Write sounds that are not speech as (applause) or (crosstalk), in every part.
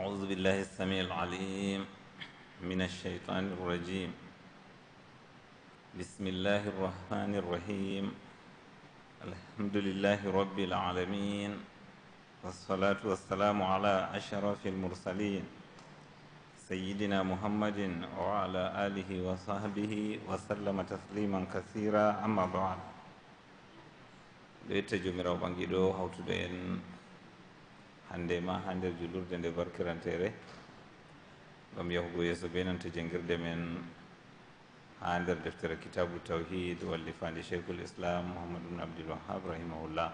أعوذ بالله السميع العليم من الشيطان الرجيم بسم الله الرحمن الرحيم الحمد لله رب العالمين والصلاة والسلام على أشرف المرسلين سيدنا محمد وعلى آله وصحبه وسلم تسليما كثيرا أما بعد ɗo yetta jomirawo ɓangiɗo hawtuɗo en hande ma ha nder julurde nde barkirantere ɗom yahugo yeeso be nanta jangirde men ha nder deftere kitabu tawhid wallifande cheikhul islam mouhamad ubne abdulwahab rahimahullah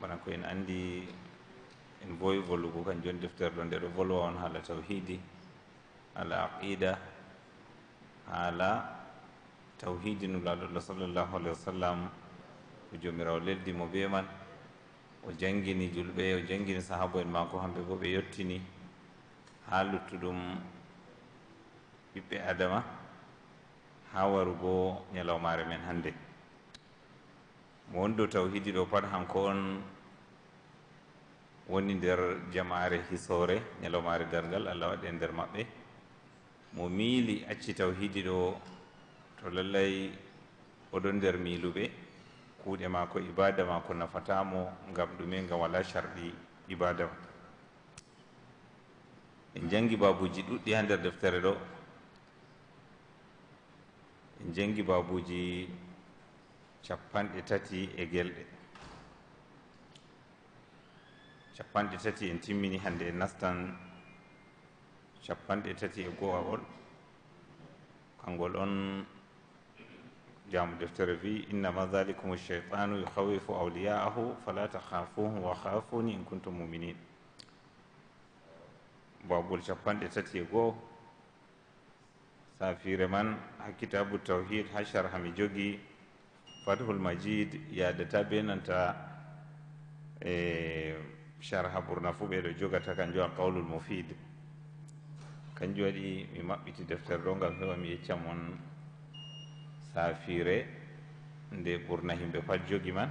bana ko en andi en boowi volugo kan joni deftere ɗo nde ɗo volwa on haala tawhidi haala aqida haala tawhidi nulaɗoɗo sallllahu alahi wa sallam ko jomirawo leldi mo be man o jangini julɓe o jangini sahaba en mako hamɓe bo ɓe yettini ha luttuɗum ɓiɓɓe adama ha warugo ñalawmare men hannde mo wonɗo taw hidi ɗo pat hanko on woni nder jamare hisore ñalawmare dargal allah waɗi e nder maɓɓe mo miili acci taw hidi ɗo to lallay oɗon nder miiluɓe kuuɗe maako ibada ma ko nafatamo ngam ɗume ngam wala sharɗi ibada ma en jangi babuji ɗuɗɗi ha nder deftere ɗo en jangi babuji capanɗe tati e gelɗe capanɗe tati en timmini hande en nastan capanɗe tati e go'a ol kangol on jaamu deftere wi innama dhalikum cheitanu yuhawifu awliyaahu fala takhafuhum wa khafuni in kuntum muminin babol capanɗe tati e goo safire man ha kitabu tawhid hachar hami jogi fathul majid yadata be nanta e charha ɓurna fuu ɓeɗo jogata kanjo a qawlul mufid kanjum waɗi mi maɓɓiti deftere ɗo ngam heewa mi yeccamon safire nde ɓurna himɓe pat jogi man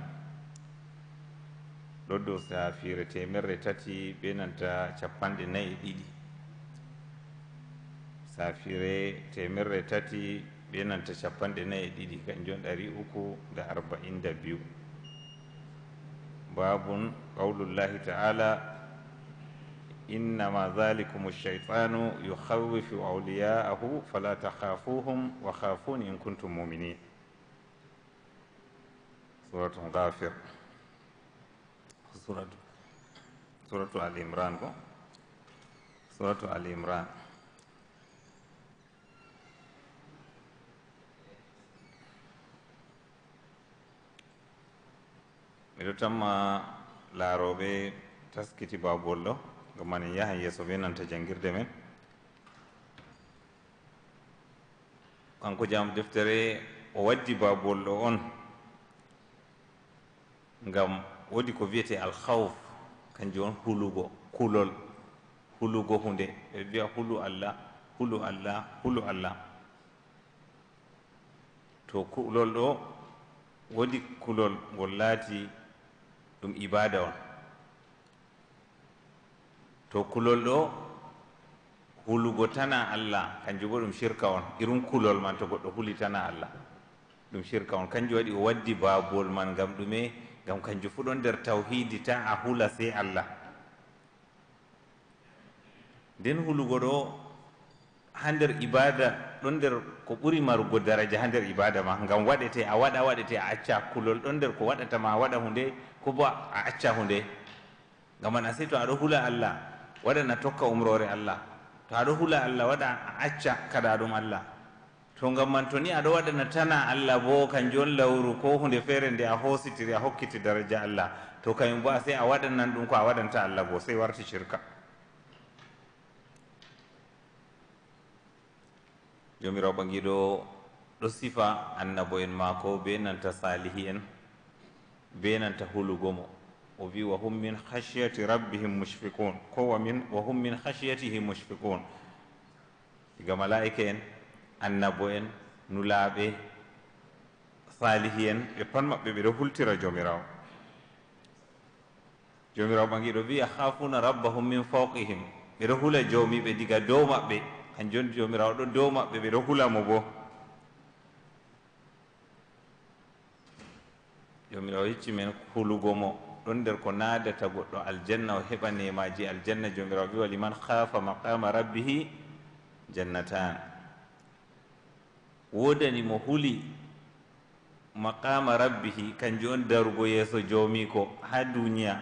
ɗo dow safire temerre tati ɓe nanta capanɗe nayi ɗiɗi safire temerre tati ɓe nanta capanɗe nayi ɗiɗi kanjon ɗari uku nde arba'in da biyu babun qawlullahi taala innama dhalikum shaitanu yukhawifu auliyaahu fala takhafuhum wa khafuni in kuntum muminin. Suratu Ghafir, suratu, suratu Ali Imran ko suratu Ali Imran miɗo tanma laaroɓe taskiti babollo ɗum ma en yahan yeeso benanta janngirde men kanko jam deftere o waddi baabol ɗo on ngam woodi ko wiyete alhawf kanjum on hulugo kulol hulugo hunde ɓe mbiya hulu allah hulu allah hulu allah to kulol ɗo woodi kulol ngol laati ɗum ibada on to kulol ɗo hulugo tana allah kanjum bo ɗum shirka on irin kulol man to goɗɗo huli tana allah ɗum shirka on kanjum waɗi o waddi babol man gam ɗume gam kanjum fu ɗon nder tawhidi ta a hula sey allah nden hulugo ɗo ha nder ibada ɗon nder ko ɓuri marugo daraja ha nder ibada ma gam waɗete a waɗa waɗete a acca kulol ɗon nder ko waɗatama a waɗa hunde ko bo a acca hunde gam an a sey to aɗo hula allah waɗana tokka umrore allah to aɗo hula allah waɗa a acca kada ɗum allah to gam man to ni aɗo waɗana tana allah bo kanjon lawru ko hunde feere nde a hositiri a hokkiti daraja allah to kañum bo a sey a waɗannan ɗum ko a waɗanta allah bo sey warti cirka jomirawo ɓagiɗo ɗo sifa annabo en maako be nanta salihi en be nanta hulugo mo o wi wa hum min hasiyati rabbihim mushfiqun ko wamin wa hum min hasiyatihi mushfiqun diga malaika en annabo en nulaaɓe salihi en ɓe pat maɓɓe ɓeɗo hultira joomirawo joomirawo ɓangiɗo wi akhafuna rabbahum min fawqihim ɓeɗo hula joomiɓe diga dow maɓɓe han joni joomirawo ɗo dow maɓɓe ɓeɗo hula mo bo joomirawo yecci men hulugo mo ɗon nder ko naadata goɗɗo aljanna o heɓa nemaji aljanna jomirawo wi wali man khaafa maqama rabbihi jannatan wodani mo huli maqama rabbihi kanju on darugo yeeso joomi ko ha duniya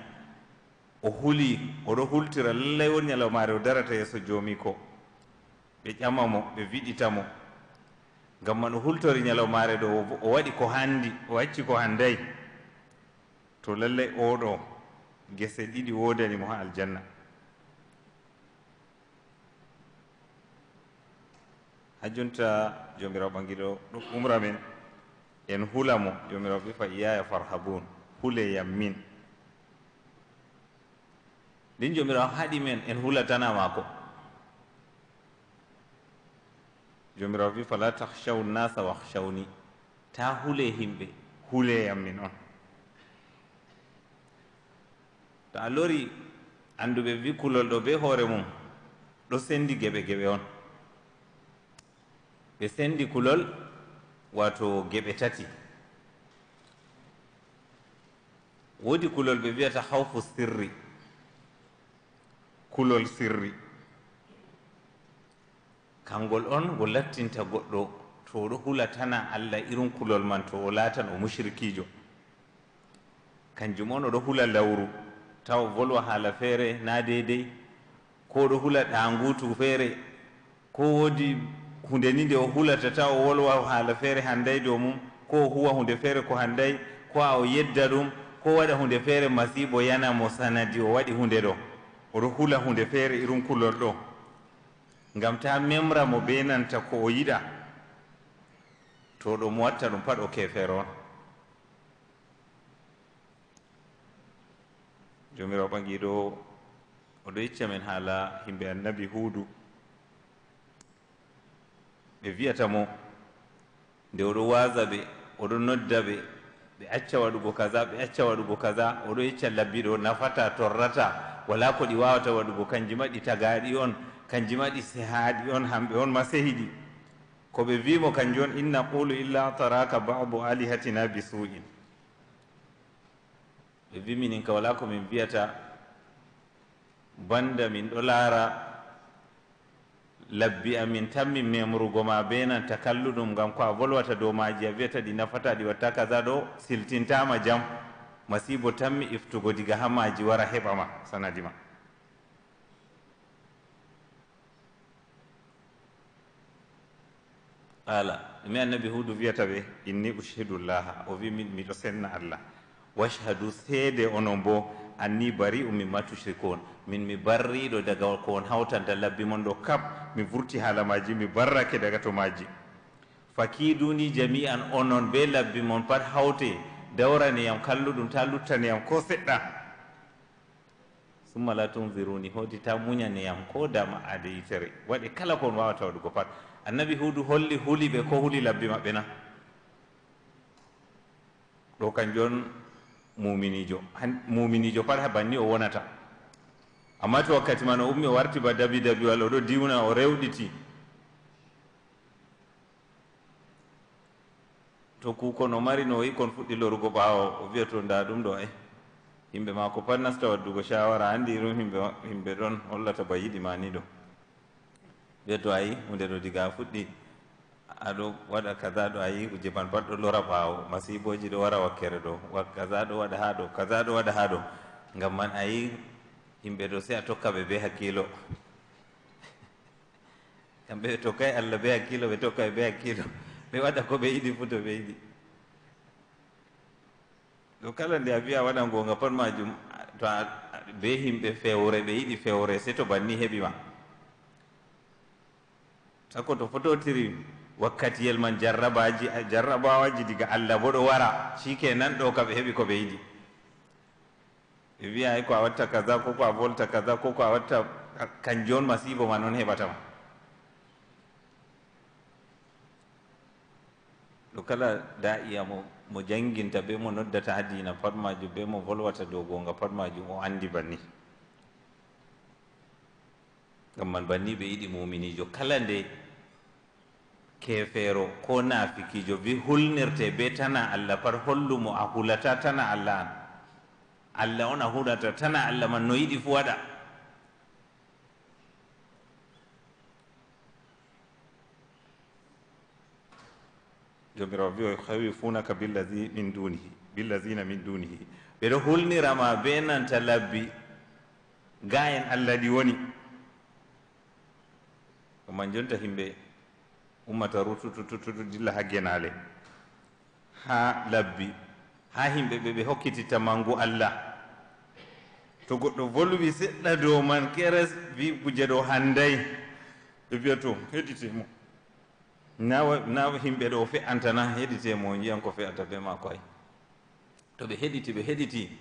o huli oɗo hultira lallay won ñalawmaare o darata yeeso joomi ko ɓe ƴama mo ɓe viɗita mo ngam man o hultori ñalawmaare ɗo o waɗi ko handi o acci ko handayi to lallay oɗo gese ɗiɗi wodanimo ha aljanna ha jonta jomirawo ɓangiɗo ɗo umra men en hula mo jomirawo ɓefa yaya farhaboun hule yam min ndin jomirawo haɗi men en hulatana mako jomirawo ɓefa la takhshaw nasa wahshawni ta hule himɓe huleyam min on to a lori anduɓe wi kulol ɗo be hoore mum ɗo sendi geɓe geɓe on ɓe sendi kulol wato geɓe tati woodi kulol ɓe wiyata hawfu sirri kulol sirri kangol on ngo lattinta goɗɗo to oɗo hula tana allah irin kulol man to o laatan o mushrikiijo kanjum on oɗo hula lawru taw volwa haala feere na deydey ko ɗo hula ɗangutu feere ko woodi hunde ni nde o hulata taw o wolwa haala feere handay ɗo mum ko huwa hunde feere ko handay ko a o yedda ɗum ko waɗa hunde feere masibo yana mo sanadi o waɗi hunde ɗo oɗo hula hunde feere irum kulol ɗo ngam ta memra mo ɓenanta ko o yiɗa to ɗo mo watta ɗum pat o kefeero on jomirawo ɓagiɗo oɗo yecca men haala himɓe annabi huudu ɓe wiyata mo nde oɗo waasa ɓe oɗo nodda ɓe ɓe acca waɗugo kaza ɓe acca waɗugo kaza oɗo yecca labbiɗo nafata torrata wala ko ɗi wawata waɗugo kanji ma ɗi tagaɗi on kanji ma ɗi sehaɗi on hamɓe on ma ko ɓe wimo kanjum on in naqulu illa taraka badu alihatina bisuin ɓe wi minin ka wala komin wiyata banda min ɗo laara labbi amin tan min memrugo ma be nan takalluɗum ngam ko a volwata dow maji a wiyata ɗi nafata ɗi watta kaza ɗo siltintama jam masibo tan mi iftugo diga ha maji wara heɓa ma sanadi ma ala ɗume annabi huudu wiyata ɓe inni ushhidullaha o wi min miɗo senna allah washhadu seede onon bo anni bari u min matushrikun min mi barriɗo daga ko on hawtanta labbi mon ɗo kap mi vurti haala maji mi barrake daga to maji fakiduni jami an onon be labbi mon pat hawte dawraniyam kalluɗum ta luttaniyam ko seɗɗa summa la tunziruni hoti ta muñaniyam ko dama ade yitere waɗi kala ko on wawata waɗugo pat annabi huudu holli huuliɓe ko huuli labbi maɓɓe na ɗo kan joni muminijo muminijo pat ha banni o wonata amma to wakkati man o ummi o warti ba dabi dabiwal oɗo diwna o rewɗiti to kukon o mari no o yi kon fuɗɗi lorugo ɓawo o wiya to nda ɗum ɗo e eh. yimɓe mako pat nasta waddugo shawara andi ɗum yimɓe yimɓe ɗon hollata ba yiɗi mani ɗo wiya to ayi hunde ɗo diga fuɗɗi aɗo waɗa kaza ayi a yi man pat lora ɓaawo masiboji ɗo wara wakkere ɗo kaza ɗo waɗa haa ɗo kaza ɗo waɗa haa ɗo ngam man ayi yi yimɓe ɗo sey a tokka be hakkilo kamɓe ɓe tokkay be hakilo ɓe tokka be hakkilo ko be yiɗi fuu be idi do kala nde a wada waɗa gonga pat majum to be himɓe fewre ɓe idi fewre se to banni hebi ma sakko to tirim wakkati yel man jarrabaji jarrabawaji diga allah bo ɗo wara shike nan ɗo kaɓe heeɓi koɓe yiɗi ɓe wiya ko a watta kaza koko a bolta kaza koko a watta kanjo on masibo ma noon heɓatama ɗo kala da iya mo mo janginta be mo noddata ha dina pat majum be mo volwata dow gonga pat majum o andi banni gam man banni ɓe yiɗi muminijo kala nde kefero ko naafikijo wi hulnirte be tana allah pat hollumo a hulata tana allah an allah on a hulata tana allah man no yiɗi fu waɗa jomirawo wi o hewi funaka billadi min dunihi billazina min dunihi ɓeɗo hulnirama be nanta labbi ga en allah ɗi woni oman jonta himɓe ummata rututututu dilla ha genale ha labbi ha himɓe be ɓe hokkiti tamangu allah to goddo volwi seɗɗa do man keres wi e biato hedite mo nawa to heɗitemo do himɓe antana hedite heɗitemo yiyan ko fe'ata be ma koy to ɓe hediti ɓe heɗiti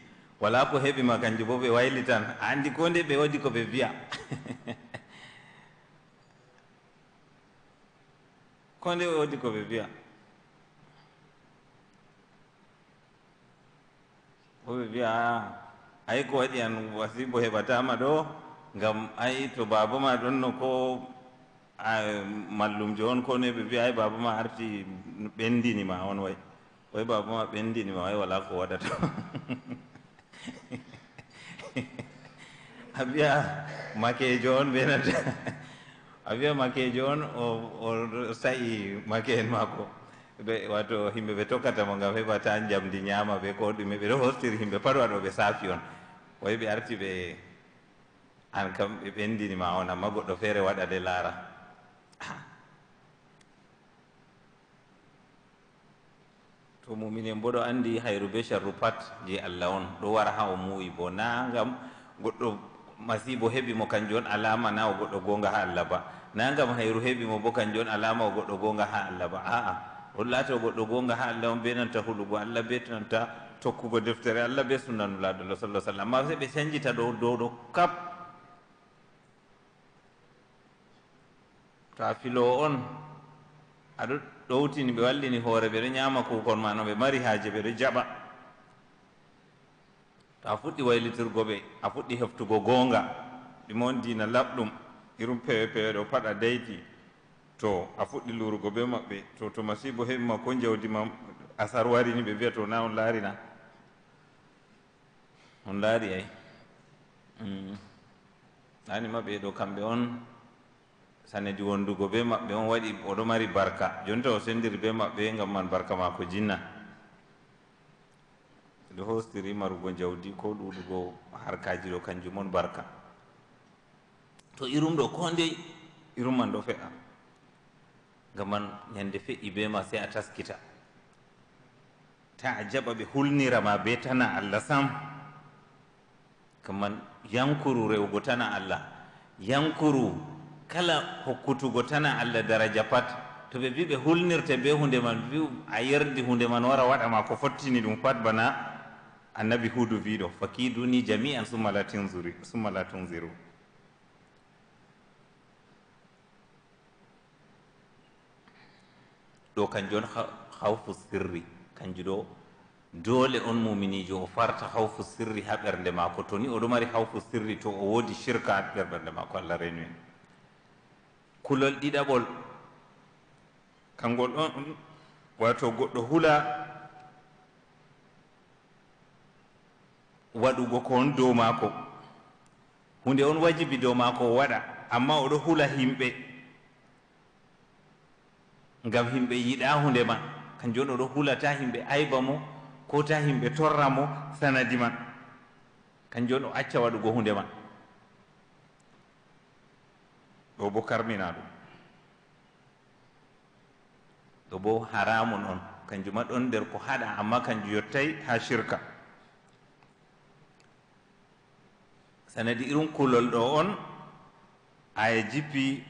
wala ko heɓima ma bo ɓe waylitan andi ko nde ɓe ko ɓe biya (laughs) ko nde woodi ko ɓe mbiya o ɓe mbiya ay ko waɗi an wasibo heɓatama ɗo ngam ay to baaba ma ɗon no ko mallumjo on ko ne ɓe mbiya ay baaba ma arti ɓendini ma on way oy baaba ma ɓendini ma way wala ko waɗata (laughs) a mbiya makejo on ɓenata (laughs) avia make john o sa'i make en mako ɓe wato himɓe ɓe mo ngam heɓa ta jamdi ñaama ɓe ko ɗume ɓe ɗo hostiri himɓe pat waɗo ɓe saafi on wayi arti ɓe an kam ɓe ɓendinima on amma goɗɗo fere waɗa de laara (clears throat) to muminen bo andi hayru be charru pat je allah on ɗo wara ha o muuyi bo na ngam goɗɗo masibo heɓi mo kanjum on alama na o goɗɗo gonga ha allah ba nagam hayru heɓi mo bo kanjum on alama o goɗɗo gonga ha allah ba aa on laata o goɗɗo gonga ha allah on be nanta hulugo allah be nanta tokkugo deftere allah be sunnanulaɗolo salah sallam amma se ɓe cañjita ɗo dow ɗo kap to a filowo on aɗo ɗowtini ɓe wallini hoore ɓeɗo ñama kukon ma noon ɓe mari haaje ɓeɗo jaɓa to a fuɗɗi waylitirgo ɓe a fuɗɗi heftugo gonga ɗum on dina laɓɗum irum pewe pewe ɗo pat a to a fuɗɗi lurugo be maɓɓe to to masibo heɓima ko jawdi ma asar ni ɓe mbiya to na mm. on laarina on laari ay ani maɓɓe ɗo kamɓe on sanedi wondugo be maɓɓe on waɗi oɗo mari barka jonta o sendiri be maɓɓe ngam man barka ma ko jinna nde hostiri marugo jawdi ko ɗuɗugo harkaji ɗo kanjum on barka to irum ɗo ko ndey irum man ɗo fe'a gaman ñande fe'i be ma sey a taskita ta a jaɓa ɓe hulnirama be tana allah sam kaman yankuru rewgo tana allah yankuru kala hokkutugo tana allah daraja pat to ɓe mbi ɓe hulnirte be hunde man mbi a yerdi hunde man wara waɗa ma ko fottini ɗum pat bana annabi hudu wiɗo fakiduni jamian summa la tunziru ɗo kanjum on hawfu sirri kanjum ɗo doole on muminijo o farta hawfu sirri ha ɓernde maako to ni oɗo mari hawfu sirri to o woodi shirka ha nder ɓernde maako allah renu en kulol ɗiɗaɓol kangol on wato goɗɗo hula waɗugo ko on dow maako hunde on wajibi dow maako o waɗa amma oɗo hula himɓe ngam himɓe yiɗa hunde ma kanjum on oɗo hulata himɓe ayba mo ko ta himɓe torra mo sanadi man kanjum on o acca waɗugo hunde ma ɗo bo karmina ɗum ɗo bo haramu on kanjuma ɗon nder ko haɗa amma kanjum yottay ha shirka sanadi irin kulol ɗo on aya jippi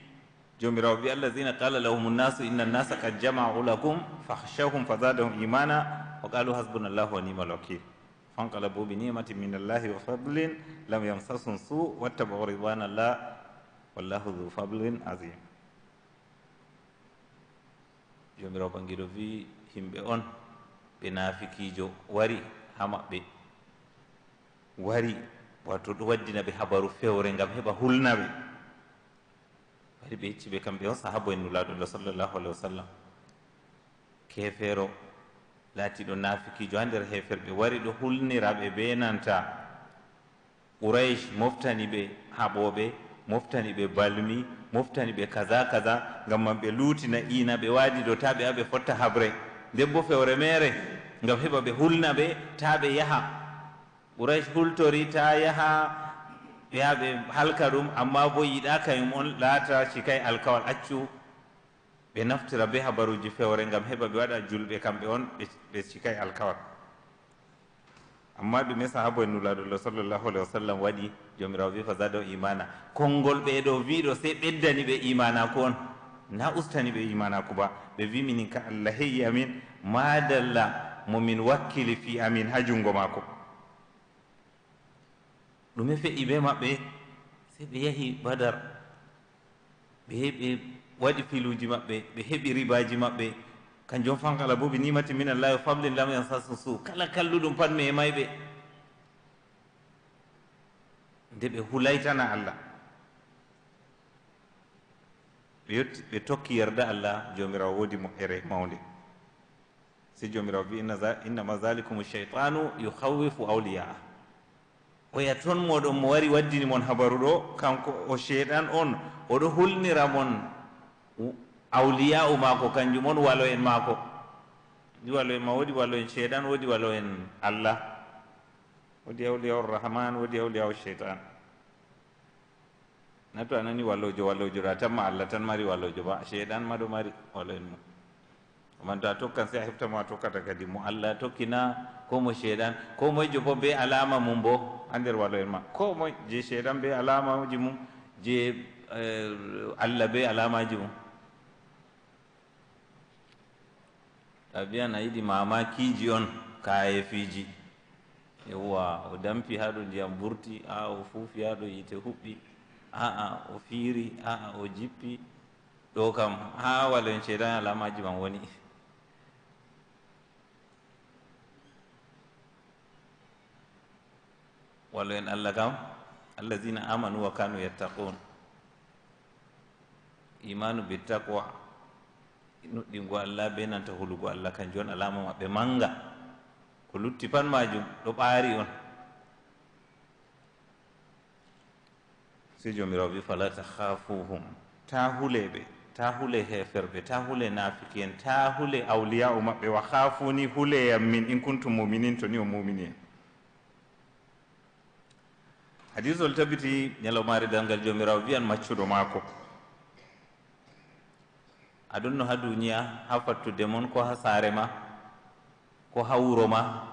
jomirawo bi allahina qala lahum nnasu inna nnasa kad jamau lakum fahshahum fazadahum imana wa qalu hasbuna llahu wa nimal wakil fanqalabu binimati min allahi wa fadlin lam yamsasum su wattabau ridwana llah wallahu du fadlin azim jomirawo bangiɗo wi himɓe on ɓe naafikiijo wari ha maɓɓe wari wato ɗo waddina ɓe habaru fewre gam heɓa hulnaɓe ari ɓe yecciɓe kamɓe on sahaba en nulaɗolo sallllahu alah wa sallam kefeero laatiɗo nafikijo ha nder hefere ɓe wari ɗo hulniraɓe be nanta quraish moftaniɓe haɓoɓe moftaniɓe balmi moftaniɓe kaza kaza gam man ɓe luutina iina ɓe waadi ɗo taɓe aɓe fotta habre nden bo fewre mere gam heɓa ɓe hulnaɓe taɓe yaha ɓuray hultori ta yaha ya ɓe halka ɗum amma bo yiɗa kayum on laata sikay alkawal accu ɓe naftira be habaruji fewre ngam heɓa ɓe waɗa julɓe kamɓe on ɓe sikay alkawal amma ɗume sahaba en nulaɗullah sallllahu alih wa sallam waɗi jomirawo wi fa zada imana konngol ɓe ɗo wiɗo sey ɓeddani ɓe imanako on na ustani ɓe imanako ba ɓe wiminin ka allah heyi amin madalla momin wakkili fi amin ha junngo maako ɗume fe'i ɓe maɓɓe sey ɓe yahi badar ɓe ɓe waɗi filuji maɓɓe ɓe heɓi ribaji maɓɓe kanjum fankala bo ɓe nimati min allah o fablin lam yansasum su kala kalluɗum patmi e mayɓe nde ɓe hulaytana allah ɓe yetti ɓe tokki yerda allah jomirawo woodi moƴƴere mawnde si jomirawo bi innama zalikum cheytanu yuhawifu awliyaa oya toon moɗon mo wari waddini mon habaru ɗo kanko o sheɗan on oɗo hulnira mon awliya u maako kanjum on walo en maako i walo en ma woodi walo en sheɗan woodi walo en allah woodi awliyau rrahman woodi awliyau cheytan nato a nani wallojo wallojo ɗo a tanma allah tan mari wallojo ba sheɗan ma ɗo mari walo en mum oman to a tokkan si a heftamo a tokkata kadi mo allah tokkina ko mo sheɗan ko moyjo fof be alama mum boo ha nder walo en ma ko moe je seedan be alamaji mum je eh, allah be alamaji mum a biyan a yiɗi mamakiji on kayefiji yewwa o dampi ha ɗo ndiyam burti a o fuufi ha ɗo yite huɓɓi aa o fiiri aa o jippi ɗo kam ha walo en seedan alamaji man woni wallen allah kam allazina amanu wa kanu yattaqun imanu bittaqwa taqwa nuɗɗingo allah be nanta hulugo allah kanjum on alama maɓɓe manga ko lutti pan majum ɗo ɓaari on si jomirawo wi fala tahafuhum ta huleɓe ta hule heferɓe ta hule nafiki en ta hule awliya u maɓɓe wa khafuni huleyam min in kuntum muminin to ni o muminien hadisol tabiti ñalawmaari dalngal joomiraawo wiyan maccuɗo maako aɗon no ha duniya ha fattude mon ko ha saare ma ko ha wuro ma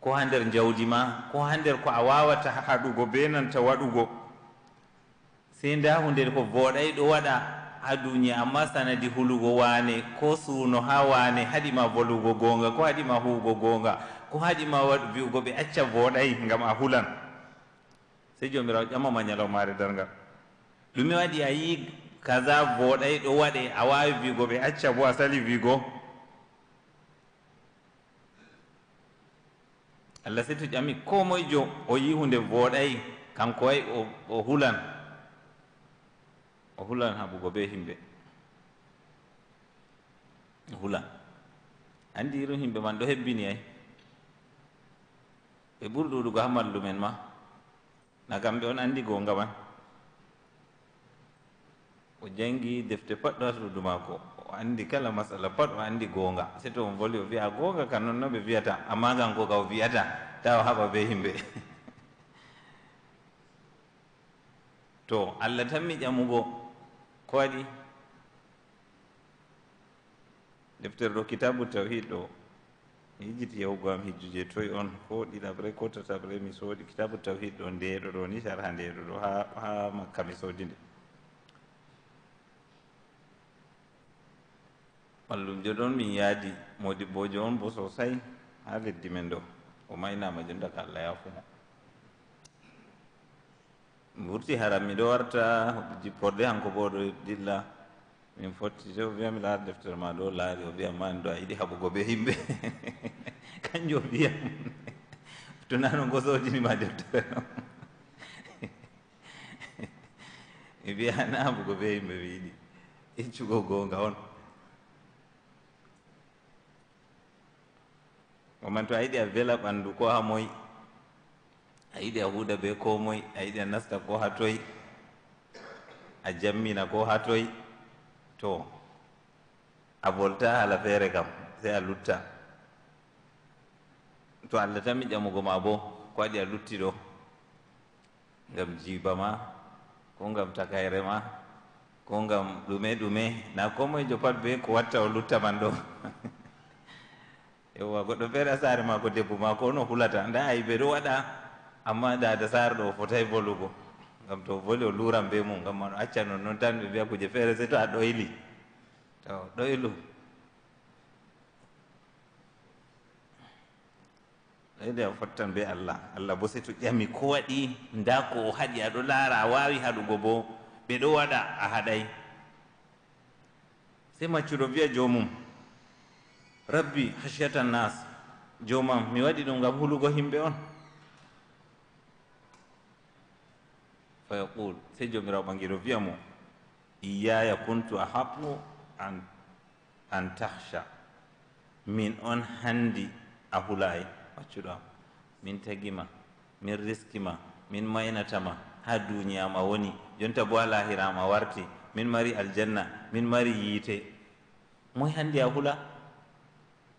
ko ha nder jawdi ma ko ha nder ko a wawata haɗugo be nanta waɗugo sey nda hunde ko voɗay ɗo waɗa ha duniya amma sanadi hulugo waane ko suuno ha waane haɗima volugo gonga ko haɗima huugo gonga ko haɗima waɗ wi'ugo ɓe acca voɗay ngam a hulan sey joomiraw ƴamama ñalawmaare darngal ɗumi waɗi a yii kasa vooɗay ɗo waɗe a waawi wiigo ɓe acca bo a sali wiigo allah sey to ƴami ko moe jo o yii hunde vooɗay kanko way o hulan o hulan haɓugo be himɓe o hulan anndi irum himɓe man ɗo hebbini ay ɓe ɓuri ɗuɗugo ha mallumen ma na kambe on anndi gonga man o oh, jangi defte pat do asdudu maako oh, o andi kala masala pat o anndi gonga se to on voli o wiya gonga kanon no ɓe wiyata amma kan ka o wiyata tawa haba be yimɓe to allah tammi mi ƴamugo ko waɗi deftere ɗo kitabu tawhid do hijiti yahugo am hijjuje toy on ko ɗiɗaɓre ko tataɓre mi soodi kitabu tawhid ɗo ndeeɗo ɗo ni sara ha ndeeɗo ɗo ha ha makka mi soodi nde mallumjo ɗon min yaadi modi bojo on bo sosay ha leddi men ɗo o maynama jon daga allah yafumo wurti haran miɗo warta jipporde hanko bo ɗo dilla min fotti tew mbiyami laara deftere ma ɗo laari o wiya mani ɗo a yiɗi haɓugo be yimɓe kanjum o mbiyam tonano gosojinima deftere mi mbiya na haɓugo be yimɓe mi yiɗi iccugo gonga on oman to a yiɗi a vela ɓandu ko ha moyi a yiɗi a huuda be ko moyi a yiɗi a nasta ko ha toyi a jammina ko ha toyi to a volta ala fere kam se a lutta to allah tammi ƴamugo ma bo ko waɗi a lutti ɗo ngam jiba ma ko ngam takayre ma ko ngam ɗume ɗume na e jo pat be ko watta o lutta man ɗo (laughs) yewwa goɗɗo feere a saare ma ko debbo ma ko no hulata nda ayi ɓe ɗo waɗa amma dada saare ɗo o fotay bolugo nga mtovole olura mbemu nga mano kuje notano se to adoili to doilu a fottan be allah allah bo sey to ƴami ko waɗi nda ko o haɗi aɗo laara a waawi haɗugo bo ɓe ɗo waɗa a haɗay sey maccuɗo wiya jomum rabbi hashiyata nnas jomam mi waɗi ɗum ngam hulugo himɓe on fayaqul sey joomirawo ɓangiro wiya mo iyaya kuntu ahaqu an an tahcha min on handi a hulay waccuɗo am min tagima min riskima min maynatama ha duniyama woni jonta bo alahirama warti min mari aljanna min mari yiite moy handi a hula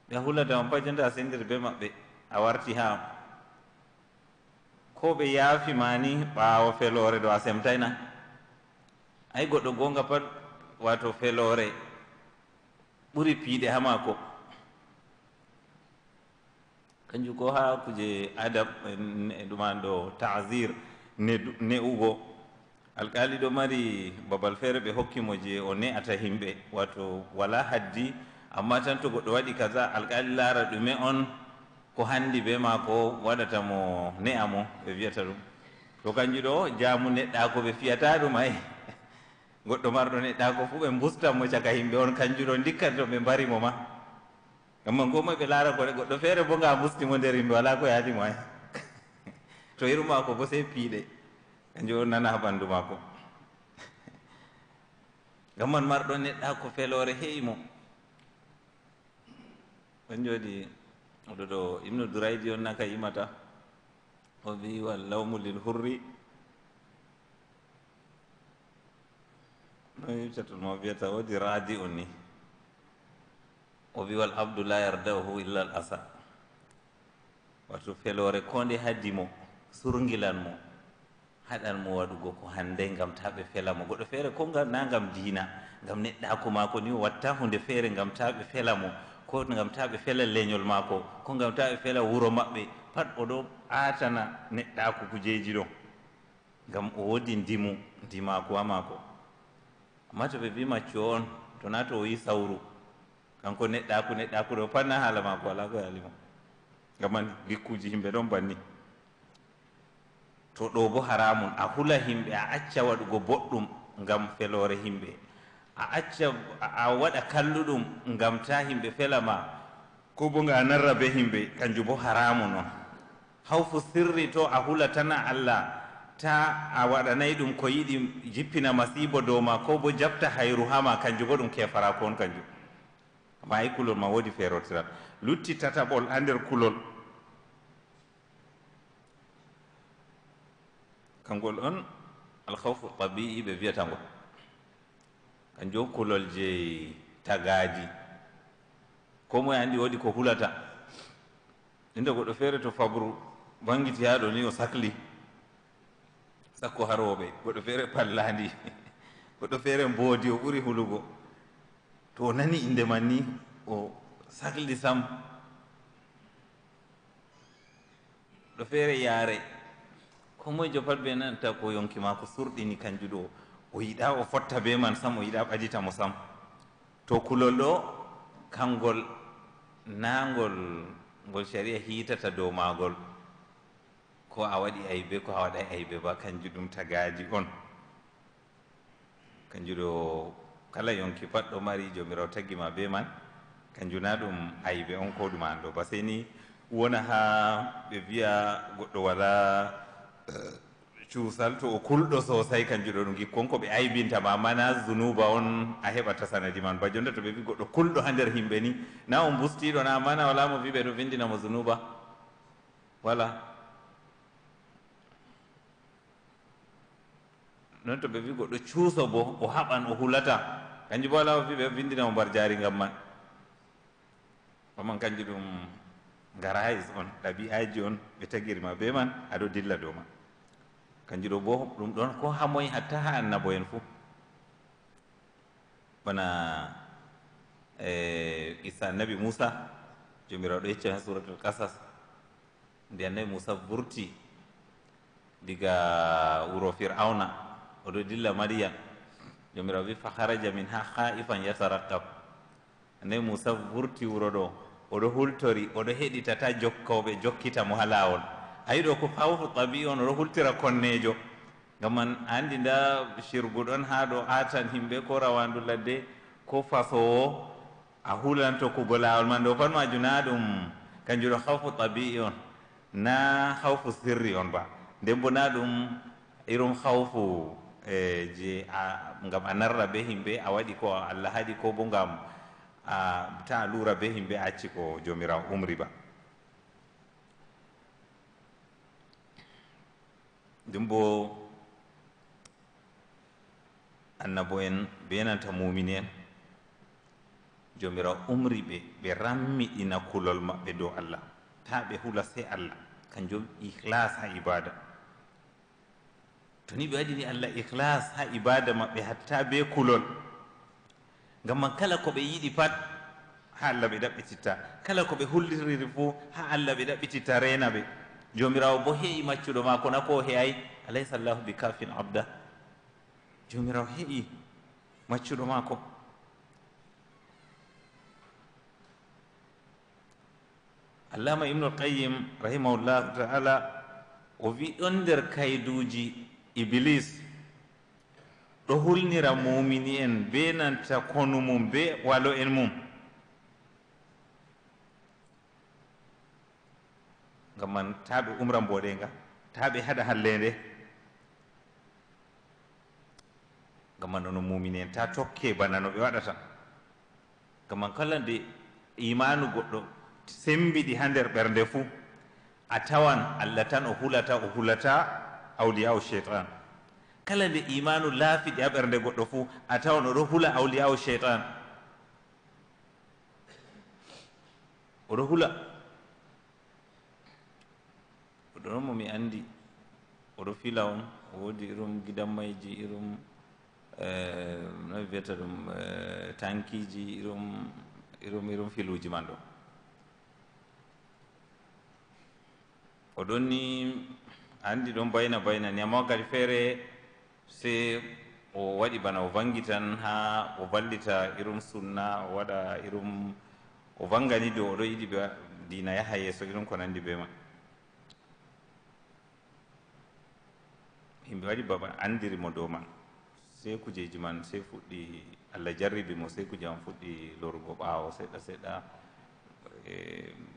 ɓe hulatama pa jonta a sendir be maɓɓe a warti ha ko ɓe yaafimani ɓaawo feloore ɗo a semtayna ay goɗɗo goonga pat wato feloore ɓuri piiɗe ha maako kanju ko ha kuje adab ɗuman ɗo tasir ne'ugo alkali ɗo mari babal feere ɓe hokki mo je o ne'ata himɓe wato wala haddi amma tan to goɗɗo waɗi kaza alkali laara ɗume on ko hanndi be ma ko waɗata mo ne a mo ɓe wiyata ɗum to kañƴu ɗo jaamu neɗɗaa ko ɓe fiyata ɗum ay (laughs) goɗɗo marɗo neɗɗaa ko fuu ɓe mbustan mo caka yimɓe on kañƴu ɗo ndikkat to ɓe mbari mo ma amma ko moe ɓe laara kone goɗɗo feere bo nga musti mo nder yimɓe wala ko yaati mo ay (laughs) to yeru maako bo sey piiɗe kañju o nana ha ɓanndu maako (laughs) gamman marɗo neɗɗaa ko feloore heyi mo kañjoodi oɗo ɗo ibnu duraydi on naka yimata o wi wal lawmu lil hurri no yimtatonmo wiyata wodi radi un ni o wi wal abdu la yardahu illa l asa watu felore konde haddimo surgilanmo haɗanmo waɗugo ko hande gam ta ɓe felamo goɗɗo feere ko gam na gam diina gam neɗɗako mako ni o watta hunde feere gam ta ɓe felamo ko ngam ta ɓe fela leñol maako ko ngam ta ɓe fela wuro maɓɓe pat oɗo aatana neɗɗaako kujeeji ɗo ngam o woodi ndimu ndimaako a maako amma to ɓe mbi macco on to naa to o yii sawru kanko neɗɗaaku neɗɗaaku ɗo pat na haala maako walaa ko yaali ma ngaman likkuuji yimɓe ɗon banni to ɗo bo haramum a hula himɓe a acca waɗugo boɗɗum ngam feloore himɓe a acca a waɗa kalluɗum ngam ta himɓe felama ko bo nga narra be himɓe kanjum bo haramu noon hawfu sirri to a hula tana allah ta a waɗanayi ɗum ko yiɗi jippina masibo dow ma ko bo jabta hayru hama kanjum bo ɗum kefara ko on kanjum ma ayi kulol ma woodi feerotiran lutti tataɓol ha nder kulol kangol on alhawfu tabii ɓe wiyatangol kanjo kulol je tagaji ko moye andi wodi ko hulata inde goɗɗo feere to fabru bangitiyaɗo ni o sahli sakko haroɓe goɗɗo feere pallandi (laughs) goɗɗo feere mboodi o ɓuri hulugo to o nani inde man ni o sahli sam ɗo feere yaare ko moye jopat ɓe nanta ko yonki ma ko surɗini kanjuɗo o o yiɗa o fotta be man sam o yiɗa ɓadita mo sam to kulol ɗo kangol nangol ngol sharia hitata dow magol ko a waɗi aybe ko a waɗa aybe ba kanju ɗum tagaji on kanju ɗo kala yonki pat ɗo mari jomiraw taggi ma be man kanju na ɗum aybe on ko ɗum an ɗo ba sei ni wona ha ɓe wiya goɗɗo wala uh, eh, cuusal to o kulɗo sosai kanjum ɗo ɗum gikkon ko ɓe ma mana zunuba on a heɓata sanadi man ba jonta to be wi goɗɗo kulɗo ha der himbe ni na on do na mana wala mo do vindi na mo zunuba wala non to be wi goɗɗo cuuso bo o haɓan o hulata kanjum bo wala o vindi na mo bar jari ngam man oman kanjum ɗum garais on aji on ɓe tagirma be man aɗo dilla do man kanji ɗo bo ɗum ɗon ko hamoye hatta ha annabo en fo bana e issa annabi moussa jomirawo ɗo yecca ha suratul kasas nde annabi moussa burti diga wuro firauna oɗo dilla mariyam jomirawo wi fa haraja min ha haifan yatarakab annabi moussa burti wuro ɗo oɗo hultori oɗo heɗitata jokkoɓe jokkitamo ha lawol ayiɗo ko fawto tabi on oɗo hultira konnejo gam an andi nda sirgu ɗon ha ɗo atan himɓe ko rawandu ladde ko fasowo a hulan tokkugo lawol man ɗo pat maju na ɗum kanju ɗo hawfu tabi on na hawfu sirri on ba nden bo na ɗum irum hawfu e je a gam a narra be himɓe a waɗi ko allah haaɗi ko bo gam a ta a lura be himɓe acci ko jomiraw umri ba ɗum bo annabo en benanta mumin en jomirawo umri ɓe ɓe rammiɗina kulol maɓɓe dow allah ta ɓe hula sey allah kanjum ihlas ha ibada to ni ɓe waɗini allah ihlas ha ibada maɓɓe hatta be kulol ngam man kala ko ɓe yiɗi pat ha allah ɓe ɗaɓɓititta kala ko ɓe hulliriri fo ha allah ɓe ɗaɓɓititta reena ɓe joomiraawo bo heƴi maccuɗo maa kona ko heyay alaysa allahu bi kafin abda joomiraawo heƴi maccuɗo maako allama ibnu alqayim rahimahullahu taala o wi ɗon nder kayduuji iblis ɗo hulnira muumini en be nanta konu mum be walo en mum gam man taɓe umra mboɗe nga taɓe haɗa hallende gam man ono mumini en ta tokke bana no ɓe waɗata gam man kala nde imanu goɗɗo sembiɗi ha nder ɓernde fuu a tawan allah tan o hulata o hulata awliya o cheytan kala nde imanu laafiɗi ha ɓernde goɗɗo fuu a tawan oɗo hula awliya o cheytan oɗo hula don mo mi anndi oɗo fila on wodi irum mayji irum eh, no vieta dum ɗum eh, tankiji irum irum irum filuji man ɗo oɗon ni anndi ɗon bayna bayna ni amma gari fere se o waɗi bana o vangi tan o vallita irum sunna o waɗa irum o vangani do yidi yiɗi dina yaha yeso irum ko nanndi be man yimɓe waɗi baba andiri mo dow man sey kujeji man sey fuɗɗi allah jarribi mo sey kuje man fuɗɗi lorugo ɓaawo seɗɗa seɗɗa e,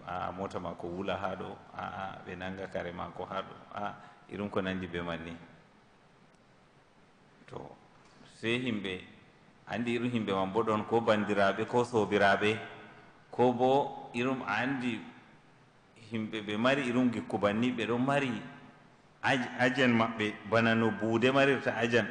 a mota ma ko wula haa ɗo aa ɓe nannga kare ma ko haa ɗo a irum ko nanndi be man ni to sey yimɓe anndi irum yimɓe man bo ɗon ko banndiraaɓe ko soobiraaɓe ko bo irum a anndi yimɓe ɓe mari irum gikku banni ɓe ɗo mari ajan maɓɓe bana no buude marirta ajan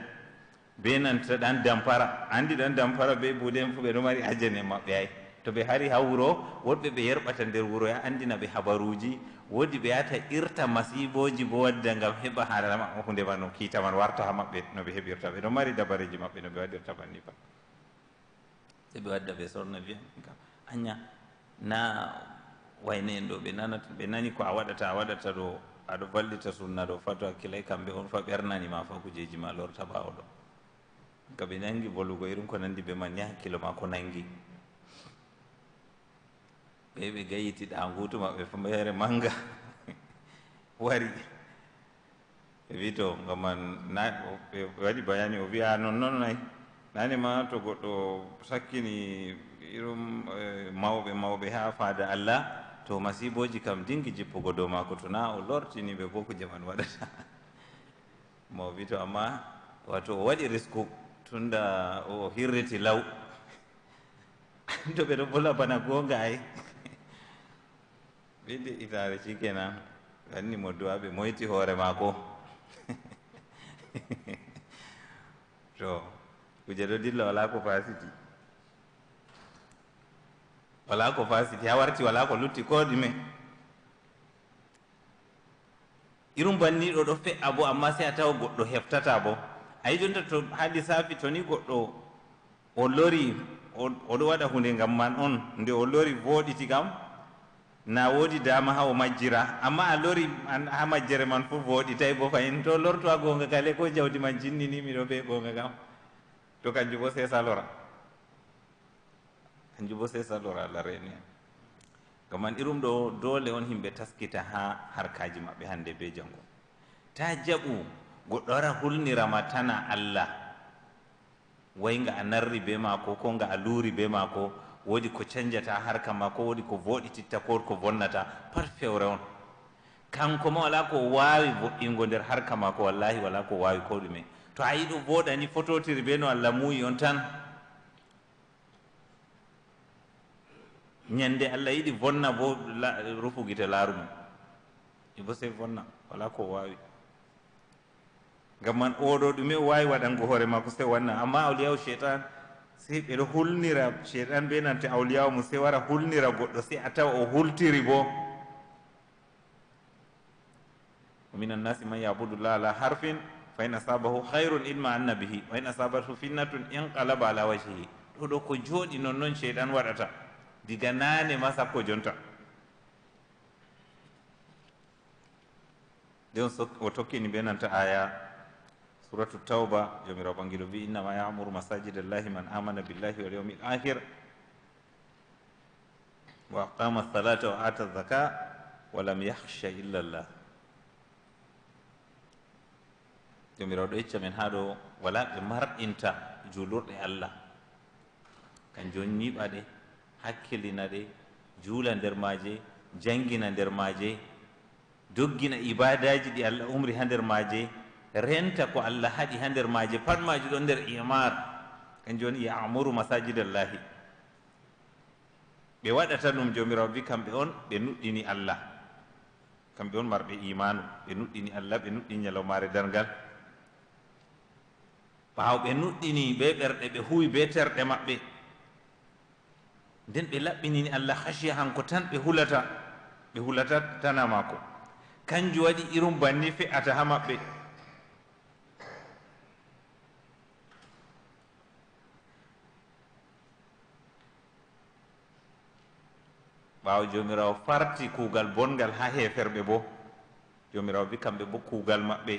be nanta ɗan dampara andi ɗan dampara be buuden fo ɓe ɗo mari ajan e maɓɓe ay to ɓe hari ha wuro wodɓe ɓe yerɓata nder wuro ya andina ɓe habaruji woodi ɓe yata irta masiboji bo wadda ngam heɓa haalama hunde ma no kiitaman warta ha maɓɓe no ɓe heɓirta ɓe ɗo mari dabareji maɓɓe no ɓe waɗirta banni ba se ɓe wadda ɓe sorna wiya kam aña na wayne en ɗo ɓe nanata ɓe nani ko a waɗata a waɗata ɗo aɗa vallita sunna ɗo fato hakkillay kamɓe on fa ɓernani ma fa kujeji ma lorta ɓawo ɗo kaɓe nangi bolugo irin ko nandi ɓe man ya hakkillo ma ko nangi ɓe ɓe gayitiɗa ngutu maɓɓe fambeere manga (laughs) wari ɓe wi to gaman na ɓe waɗi bayani o wi a nonnoon nayi nani ma to goɗɗo sakkini irum eh, mawɓe mawɓe ha faada allah to masiboji kam dingi jippugo dow maako to na o lortini ɓe boko jaman waɗata (laughs) mawɓi to amma wato o waɗi risku tunda o hirriti law (laughs) to ɓe ɗo bola bana goonga ay (laughs) ɓiɗi itaare cikenan ɓe anni mo duwa ɓe moyti hoore maako to kuje ɗo dilla wala ko fasiti wala ko fasidi ha warti wala ko lutti ko ɗume irum banniɗo ɗo fe'a bo amma sey a taw goɗɗo heftata bo ayi jonta to haali saafi to ni goɗɗo o lori oɗo waɗa hunde ngam man on nde o lori voɗiti kam na woodi dama ha o majjira amma a lori ha majjere man fof voɗitay bo fayin to lortowa gonga kale ko jawdi man jinninimiɗo ɓe gonga kam to kanjum bo sesa lora kanjum bo sey sallora allah reni en ngam irum ɗo doole on himɓe taskita ha harkaji maɓɓe hande be jango ta jaɓu goɗɗo wara hulnirama tana allah way nga a narri be mako ko nga a luuri be mako wodi ko canjata harka ma ko woodi ko voɗititta ko ko bonnata pat fewre on kanko mo wala ko waawi ingo nder harka ma ko wallahi wala ko wawi ko ɗume to ayi yi voɗani fototiri be no allah muyi on tan ñande allah yiɗi bonna bo rufugite laaru mum ibo e se bonna wala ko wawi ngam man oɗo ɗume o wawi waɗango hoore makko se wanna amma awliyawo cheytan se ɓeɗo hulnira cheytan be nante awliyawo mum se wara hulnira goɗɗo se a tawa o hultiri bo min annasi man yabudullah ala harfin fa in asabahu hayrun inma anna bihi wa in asabathu finnatun inqalaba ala wajhihi ɗo ɗo ko jooɗi non noon cheytan waɗata diga naane ma sappo jonta ɗen o tokkini ɓe nanta aya suratu tawba jomirawo ɓangilo mbi innama yamuru masajid allahi man amana billahi wal yawmi l ahir wa aqama salata wa ata zaka wa lam yahsha illa llah jomirawo ɗo icca men haa ɗo wala ɓe mar inta julurɗe allah kanjo nyiɓaɗe hakkillina ɗe juula nder maaje jangina nder maaje doggina ibadaji ɗi allah umri ha nder maaje renta ko allah haɗi ha nder maaje pat maji ɗon nder imar kan joni yamuru masajid allahi ɓe waɗata ɗum jomirawo bi kamɓe on ɓe nuɗɗini allah kamɓe on marɓe imanu ɓe nuɗɗini allah ɓe nuɗɗini ñalawmare dargal ɓaawɓe nuɗɗini ɓe ɓerɗe ɓe huwi be terɗe maɓɓe nden ɓe laɓɓinini allah hasiya hanko tan ɓe hulata ɓe hulata tana maako kanjum waɗi irum banni fe'ata ha maɓɓe ɓaawa joomiraawo farti kuugal bongal ha heeferɓe bo joomiraawo bi kamɓe bo kuugal maɓɓe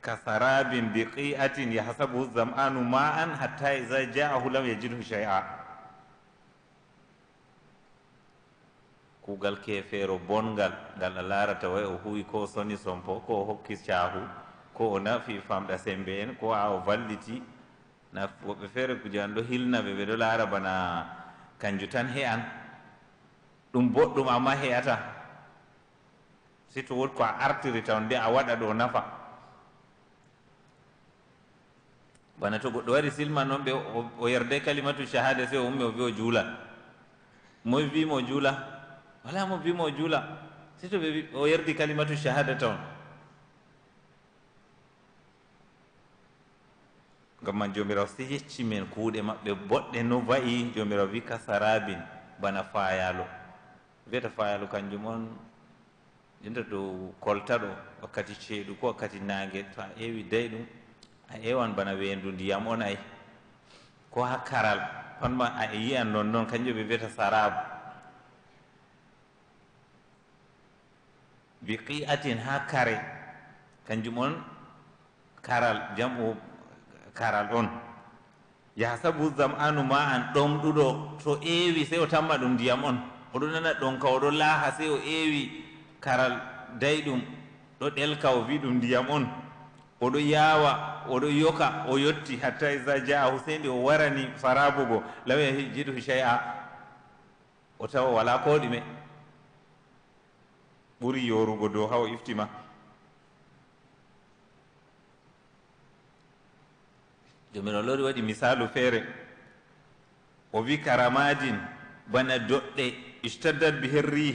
ka sarabin bi qi'atin yahsabuhu zam'anu ma an hatta ida jaahu lam yajidhu chey a kugal kefero bongal ngal a larata way o huwi ko soni sompo ko o hokki caahu ko o nafi famɗa sembe en ko a o valliti na woɓɓe feere kuje ɗo hilnaɓe ɓe ɗo laara bana kanju tan he an ɗum boɗɗum amma heyata si to wot ko a artiri taw nde a waɗa ɗo nafa bana to goɗɗo wari silma noon ɓe o yerde kalimatu shahada sey o ummi o wi o juula moye wimo juula wala mo mbimo juula si to ɓe o yerdi kalimatu shahada ta on ngam man joomiraw si yecci men kuuɗe maɓɓe boɗɗe no wayi joomiraw wi kasarabin bana faayalo wiyata faayalo kanjum on jinta to kolta ɗo wakkati ceeɗu ko wakkati naange to a ƴeewi day ɗum a ƴeewan bana weendu ndiyam on ay ko ha karal panma a yiyan non noon kañum ɓe wiyata sarabu bi qi'atin ha kare kanjum on karal jam'u karal on yasabu zam'anu ma an ɗomɗuɗo to ewi sey o tamma ɗum ndiyam on oɗo nana ɗonka oɗo laaha sey o ewi karal dayɗum ɗo ɗelka o wi ɗum ndiyam on oɗo yaawa oɗo yoka o yotti hatta isa jaahu sey nde o warani farabugo law yahijiduhu shay a o tawa wala koɗume ɓuri yorugo dow haw iftima jomino lori waɗi misalu feere o wi karamadin bana doɗɗe istaddat bi herri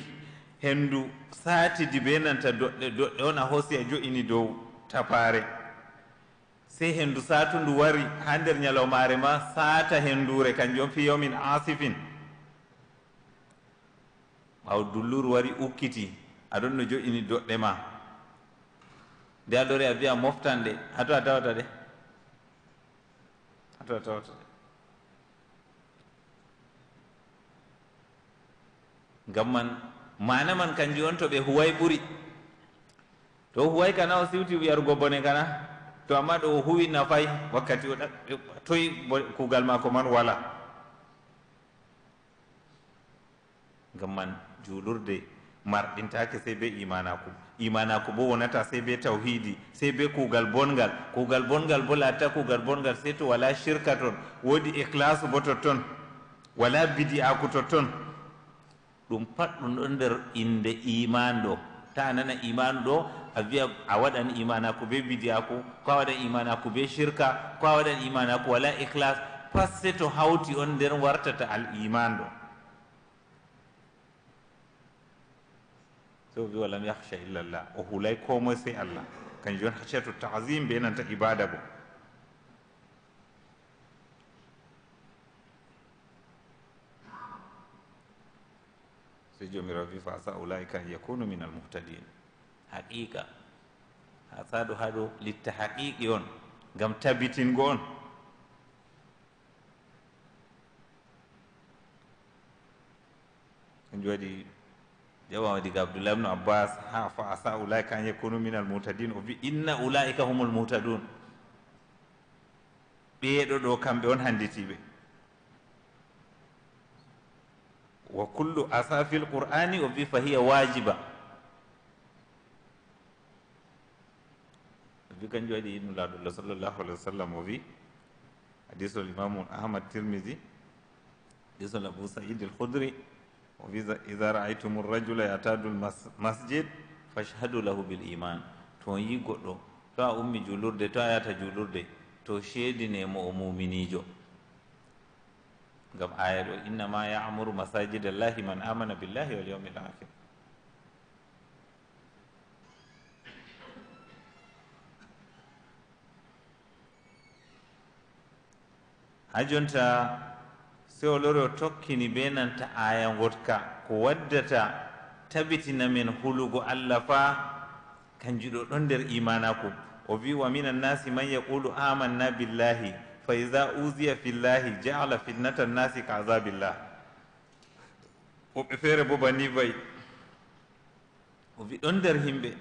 henndu saatidi be nanta doɗɗe doɗɗe on a hoosi a joini dow tapaare sey henndu saatundu wari haa nder ñalawmaare ma saata henndure kanjum on fi yawmin asifin ɓaw dulluru wari ukkiti aɗon no joƴini doɗɗe ma nde aɗore a wiya moftan ɗe hato a tawata ɗe hato a tawata ɗe ngam man mana man kanjum on to ɓe huway ɓuri to huway kana o siwti wiyarugo bone kana to amma ɗo o huwi nafay wakkati o toyi kuugal maako man wala ngam man juulurde marɗintake sey be imanaku imanaku bo wonata sey be tawhidi sey be kuugal bongal kuugal bongal bo laatta kuugal bongal sey to wala shirka toon woodi éclase bo totton wala bidi aku totton ɗum pat ɗum ɗon nder inde iman ɗo ta a nana imanu ɗo a wiya a waɗan imanaku be bidi aku ko a waɗan imanaku be shirka ko a waɗan imanaku wala éclase pat se to hawti on nder wartata al iman ɗo ɗo wi walam yahcha illallah o hulay komoy sey allah kañum joni haccato tasim be nanta ibada bo si jomirao wi fa sa ulaika an yakunu min almuhtadin haqiqa ha saɗo haɗo litta haqiqi on gam tabitingo on kañum waɗi ƴewan diga abdoullah ibnu abbas ha fa asa ulaika an yakunu min al mutadin o wi inna ulaika hum ul mutadun ɓeeɗo ɗo kamɓe on handitiɓe wa kullu asa fi l qur'ani o wi fa hiya wajiba wi kanjum waɗi innu laɗullah sallllahu alah wa sallam o wi hadisol imamu ahmad tirmidi hadisol abou saidi l hudri ida raaytum rajula yataadu lmasjid fashhadu lahu bil iman to on yii goɗɗo to a ummi julurde to a yata julurde to sheedine mo o muminiijo ngam aya ɗo innama yamuru masajid allahi man amana billahi wal yawmi l akhir ha jonta sey o lori o tokkini be nanta aya gotka ko waddata tabitina men hulugo allah fa kanju ɗo ɗon nder imanaku o wi wa min annasi man yaqulu amanna billahi fa ida uziya fillahi jaala fitnata nnasi ka azabillah woɓɓe feere bo bani bay o wi ɗon nder himɓe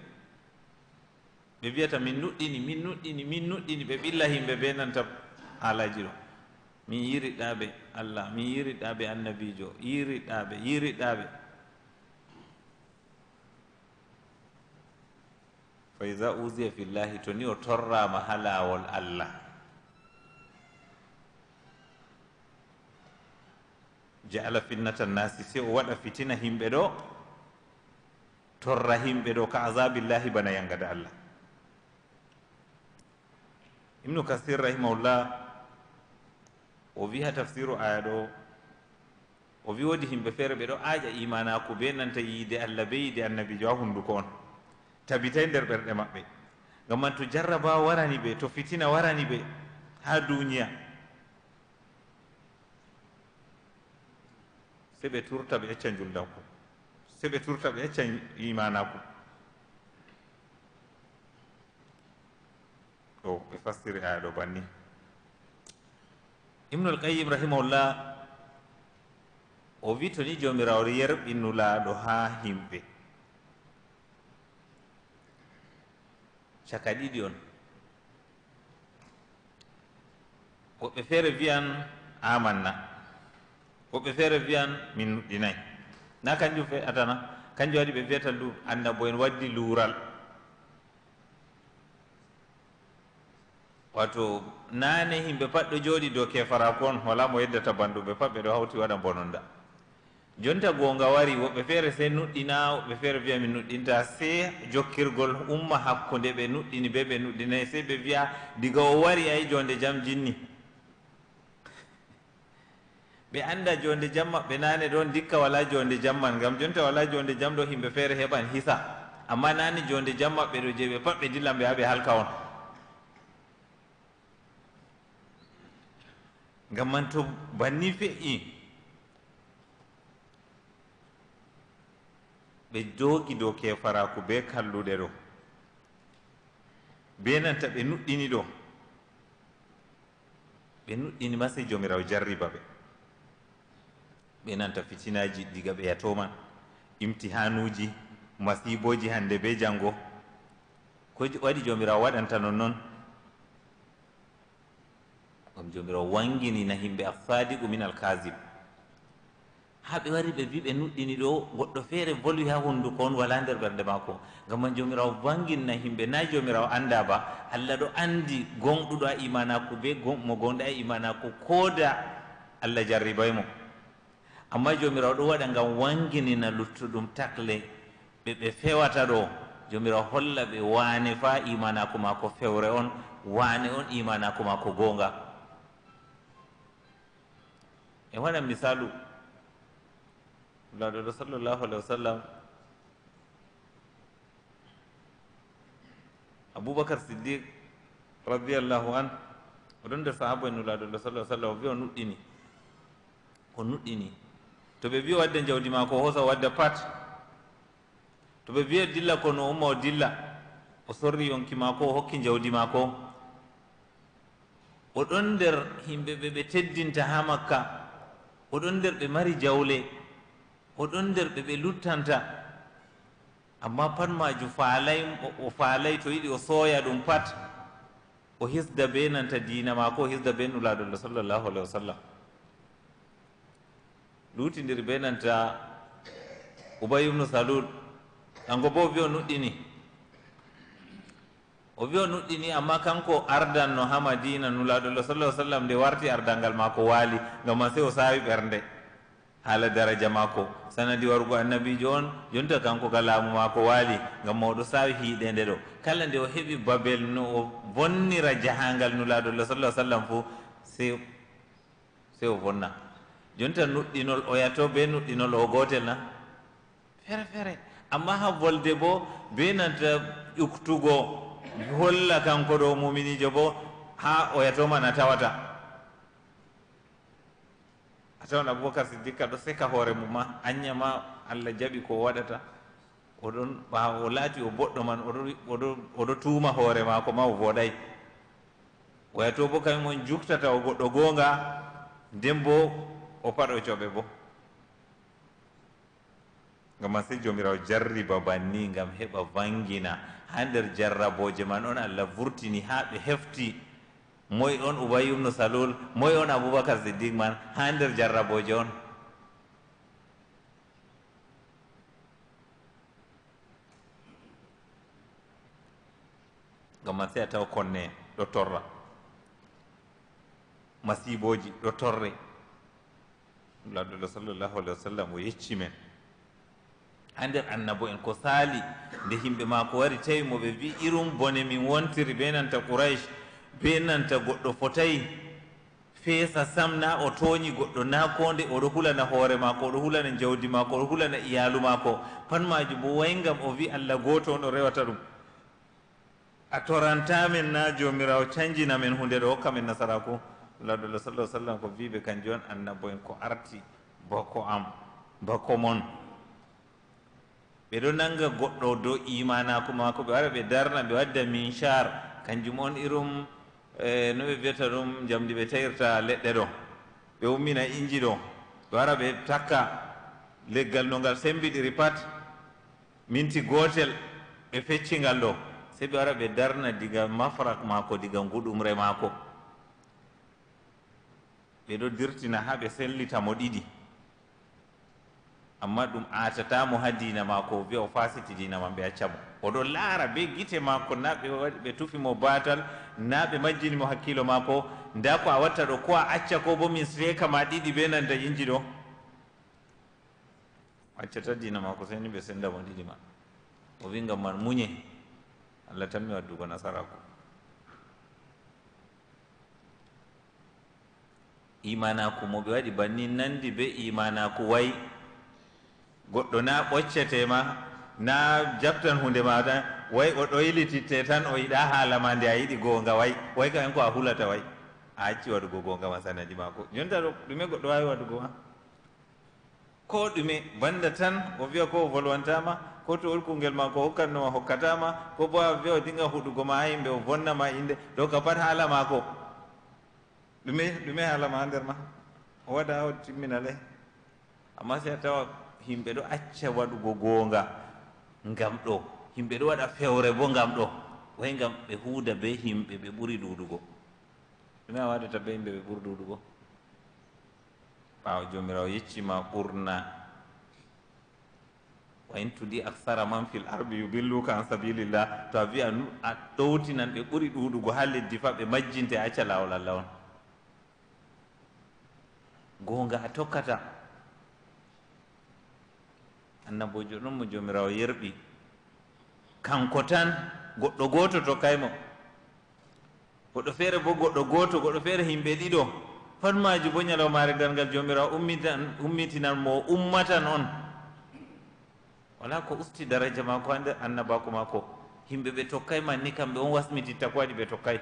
ɓe wiyata min nuɗɗini min nuɗɗini min nuɗɗini ɓe ɓilla himɓe be nanta haalaji ɗo min yiriɗaɓe allah mi yiriɗaɓe annabijo yiriɗaɓe yiriɗaɓe fa ida usiya fillahi to ni o torrama ha lawol allah jaala finnata nnasi si o waɗa fitina himɓe ɗo torra himɓe ɗo ka azabillahi bana yangada allah ibnu kasir rahimahullah o wiha tafsiru aya ɗo o wi wodi himɓe feere ɓe ɗo aaƴa imanako be nanta yiide allah be yiide annabijo ha hunnduko on tabitay e nder ɓerɗe maɓɓe ngam man to jarraba warani ɓe to fitina warani ɓe ha duniya se ɓe turta ɓe acca juldanko se ɓe turta ɓe acca imanako o ɓe fastiri aya ɗo banni ibnu alqayim rahimahullah o wii to ni joomirawo yerɓinnulaaɗo haa himɓe caka ɗiɗi on woɓɓe feere wiyan amanna woɓɓe feere wiyan min nuɗɗinayi na kanjum fe adana kanjum waɗi ɓe wiyata lu annabo en waddi luural wato naane yimɓe pat ɗo jooɗi dow kefara ko on holamo yeddata banduɓe pat ɓe ɗo hawti waɗa bononda jonta goonga wari woɓɓe feere sey nuɗɗina woɓɓe feere wiya min nuɗɗinta sey jokkirgol umma hakkunde ɓe nuɗɗini be ɓe nuɗɗinayi sey ɓe wiya diga o wari ayi jonde jam jinni ɓe annda jonde jam maɓɓe naane ɗon dikka wala jonde jam man ngam jonta wala jonde jam ɗo yimɓe feere heɓan hisa amma naane jonde jam maɓɓe ɗo jeeɓe pat ɓe dillan ɓe haɓe halka on gam man to banni fe'i ɓe jogi dow kefaraku be kalluɗe ɗo be nanta ɓe nuɗɗini ɗo ɓe nuɗɗini ma sey jomirawo jarriba ɓe ɓe nanta fitinaji diga ɓe yatoman imtihanuji masiboji hande be jango ko waɗi jomirawo waɗanta non noon ngam jomirawo wangini na himɓe assadiqu min alkasib ha ɓe wari ɓe mbi ɓe nuɗɗini ɗo goɗɗo feere volwi ha hunduko on wala nder ɓerɗe makko ngam man jomirawo na himɓe na jomirawo anda ba allah ɗo andi gonɗuɗo a imanako be mo gonɗa a imanako koda allah jarribay e mo amma jomirawo ɗo waɗa ngam wanginina luttuɗum takle ɓe ɓe fewata ɗo jomirawo holla ɓe wane fa imanako mako fewre on wane on imanako mako gonga e waɗan misalu laɗoɗo sallllahu Alaihi wa sallam aboubacar siddiq radiyallahu an oɗon nder sahaba en nulaɗoɗo sallallahu Alaihi o wi o nuɗɗini o nuɗɗini to ɓe biyo o wadde jawdi ma ko hosa wadda pat to ɓe biyo dilla ko no umma o dilla o sorri yonki ma o hokki jawdi maako o ɗon nder himɓe ɓe teddinta ha makka oɗon nder ɓe mari jawle oɗon nder ɓe ɓe luttanta amma pat majum faalay o faalay to yiɗi o sooya ɗum pat o hisda be nanta diina maako o hisda be nulaɗolla sallllahu alahi wa sallam luutidiri be nanta ubay ubnu salud ango bo wi o nuɗɗini o wi o nuɗɗini amma kanko ardan no ha madina nulaɗo lo sallah sallam nde warti ardalngal maako waali ngam an sey o saawi ɓernde haala daraja maako sanadi warugo annabijo on jonta kanko ka laamu maako waali ngam mawɗo saawi hiiɗe nde ɗo kala nde o heɓi babel no o bonnira jahangal nulaaɗo lo sallah sallam fo sey sey o bonna jonta nuɗɗinol oyato be nuɗɗinol o gootel na feere feere amma ha volde bo be nanta ƴuktugoo holla kanko ɗo muminijo bo ha o yatoman a tawata a tawan aboubacar siddikka ɗo seka hoore mum ma agña ma allah jaɓi ko waɗata oɗon ɓawa o laati o boɗɗo man oɗo tuuma hoore maako ma o voɗay o yato bo kañum on juktata o goɗɗo goonga nden bo o paɗo coɓe bo ngam ma sey jomirawo jarriba banni ngam heɓa vangina ha nder jarraboje man on allah vurtini ha ɓe hefti moy on ubay ubnu salul moy on aboubacar siddik man ha nder jarraboje on gamman se a taw konne ɗo torra masiboji ɗo torre lamɗoɗo sallllahu alih wa sallam o yecci men hannder annabo en ko saali nde yimɓe maa ko wari tawi mo ɓe mbi irum bone min wontiri be nanta qouraish be nanta goɗɗo fotayi feesa sam naa o tooñi goɗɗo naa koonde oɗo hulana hoore maako oɗo hulana jawdi maako oɗo hulana iyaalu maako pan maaju bo way ngam o wii allah gooto on o rewata ɗum a torantaamen naa joomiraawo cañjina men hunde ɗo hokka men nasaraku lawdullah sallah sallam ko wiiɓe kanjum on annabo en ko arti bako am bako mon ɓe ɗo nanga goɗɗo dow imanako mako ɓe wara ɓe darna ɓe wadda minchar kanjum on irum e, no ɓe wiyata ɗum jamdi ɓe tawirta leɗɗe ɗo ɓe ummina inji ɗo ɓe wara ɓe takka leggal no ngal sembiɗiri pat minti gotel ɓe feccingal ɗo sei ɓe wara ɓe darna diga mafrak mako diga nguɗumre mako ɓe ɗo dirtina ha ɓe sellitamo ɗiɗi amma ɗum atatamo ha dina mako o wiya o fasiti dina ma ɓe accamo oɗo laara be guite mako na ɓe waɗi ɓe tufimo batal na ɓe majjinimo hakkilo mako nda ko a watta ɗo ko a acca ko bo min sreka ma ɗiɗi be nanta inji ɗo accata dina mako seni ɓe sendamo ɗiɗi ma o wingam man muñe allah tanmi waddugo nasarako imanaku mo ɓe waɗi bannin nandi be imanaku wayi goɗɗo na ɓoccetema na jaɓtan hunde ma tan way o ɗoylititte tan o yiɗa haalama nde a yiɗi gonga way way kaen ko a hulata way a acci waɗugo gonga masanaji mako jonta ɗume goɗɗo wawi waɗugo ma ko ɗume banda tan o wiya ko volwantama ko to olkungel ma ko hokkatnoma hokkatama ko bo a wiya o dinga huɗugo ma yimɓe o bonnama inde to ka pat haalamako ɗume ɗume haalama ha nder ma o waɗa o timminale amma si a tawa yimɓe ɗo acca waɗugo goonga ngam ɗo yimɓe ɗo waɗa fewre bo ngam ɗo way ngam ɓe huuda be yimɓe ɓe ɓuri ɗuuɗugo ɗume a waɗata be yimɓe ɓe ɓuri ɗuuɗugo ɓaawa joomirawo yeccima ɓurna wayntudi aksara man fil arbi yubilluka an sabilillah to a wiya a ɗowtinan ɓe ɓuri ɗuuɗugo haa leddi fa ɓe majjinte acca laawol allah on goonga a tokkata annabojo ɗon mo jomirawo yerɓi kanko tan goɗɗo goto to kaymo goɗɗo feere bo goɗɗo goto goɗɗo feere himɓe ɗiɗo pat maji bo ñalawmare dalngal jomirawo ummitan ummitinan mo ummatan on wala ko usti daradia ma ko hande annabako ma ko himɓeɓe tokkay ma ni kamɓe on wasmititta ko waɗi ɓe tokkay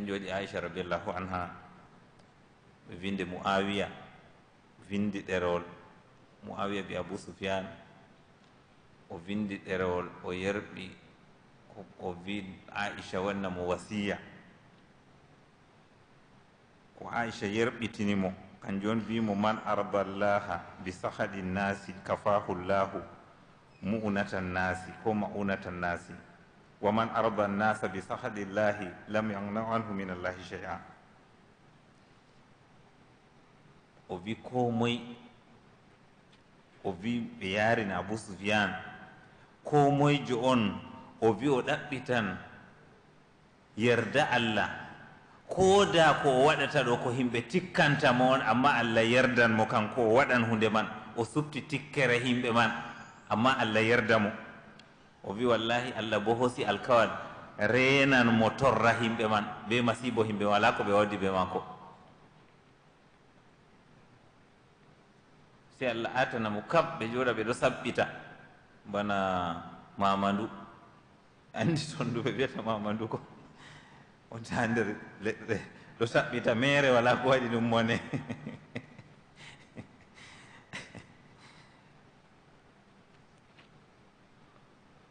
en jooɗi aicha radiallahu anha vinde moawiya vindi ɗerewol moawiya bi abou soufian o vindi ɗerewol o yerɓi o wi aicha wanna mo wasiya ko aicha yerɓitinimo kanjum on mbimo man arda llaha bi sahadi nnasi kafahu llahu mu'unata nnasi ko ma'unata nnasi wa man arda annasa bi sahadillahi lam yagna anhu min allahi chey a o wi ko moy o wi ɓe yarini abou soufiane ko moyjo on o wi o ɗaɓɓitan yerda allah koda ko o waɗata ɗo ko himɓe tikkantamo on amma allah yerdanmo kanko o waɗan hunde man o subti tikkere himɓe man amma allah yerdamo o wi wallahi allah bo hoosi alkawal renan mo torra himɓe man be masibo himɓe wala ko ɓe waddi ɓe makko si allah atana mo kab ɓe jooɗa ɓe ɗo saɓɓita bana mamadou andi toon du ɓe wiyata mamadou ko o taa nder leɗɗe ɗo saɓɓita mere wala ko waɗi ɗum mone (laughs)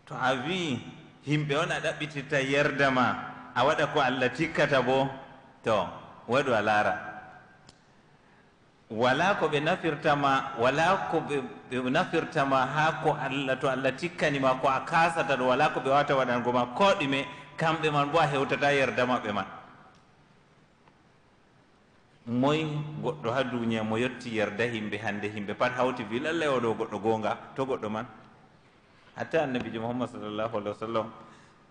to a wi himɓe on a ɗaɓɓititta yerda ma a ko allah tikkata bo to wadu alara wala ko ɓe nafirtama wala ko ɓe nafirtama ha ko allah to allah tikkanima ko a kasata wala ko be wawata wadan goma ko dime kamɓe man bo a hewtata yerda maɓɓe man moy goddo ha dunya mo yetti yerda himɓe hannde himɓe pat hawti wi o do goddo gonga to goddo man hatta annabijo muhammad sallallahu alaihi wa sallam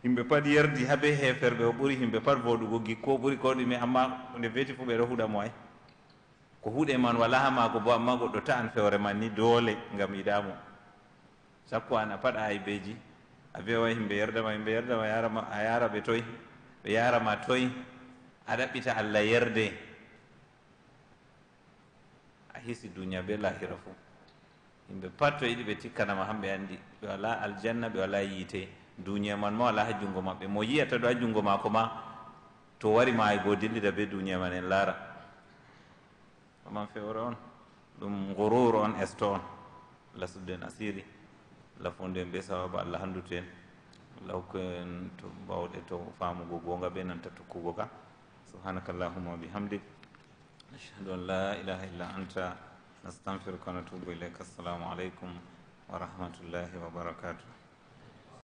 yimɓe pat yerdi haɓe heferɓe o ɓuri himɓe pat voɗugo gikko ɓuri ko ɗume amma nde weeti fu ɓeɗo huɗa mo ay ko huuɗe man wala ha maako bo amma goɗɗo ta'an fewre man ni doole ngam yiɗamo sakko an a ay beji a fewa yimɓe yerdama yimɓe yerdama yarama a yara ɓe toy ɓe yarama toy a ɗaɓɓita allah yerde a hisi duniya be lahira fou yimɓe patto yiɗi ɓe tikkanama hamɓe andi ɓe wala aljanna ɓe wala yiite duniya man ma wala ha junngo maɓɓe mo yiyata ɗo ha junngo ma to wari ma ay goo dillida be duniya man en laara oman fewre on ɗum gurur on esto on lasuden asiri allah fondu en be sawaba allah handutu en allah hokku en to mbawɗe to famugo gonga ɓe nanta tokkugo ka subhanaka allahuma wa bihamdik an la ilaha illa anta أستغفرك ونتوب إليك السلام عليكم ورحمة الله وبركاته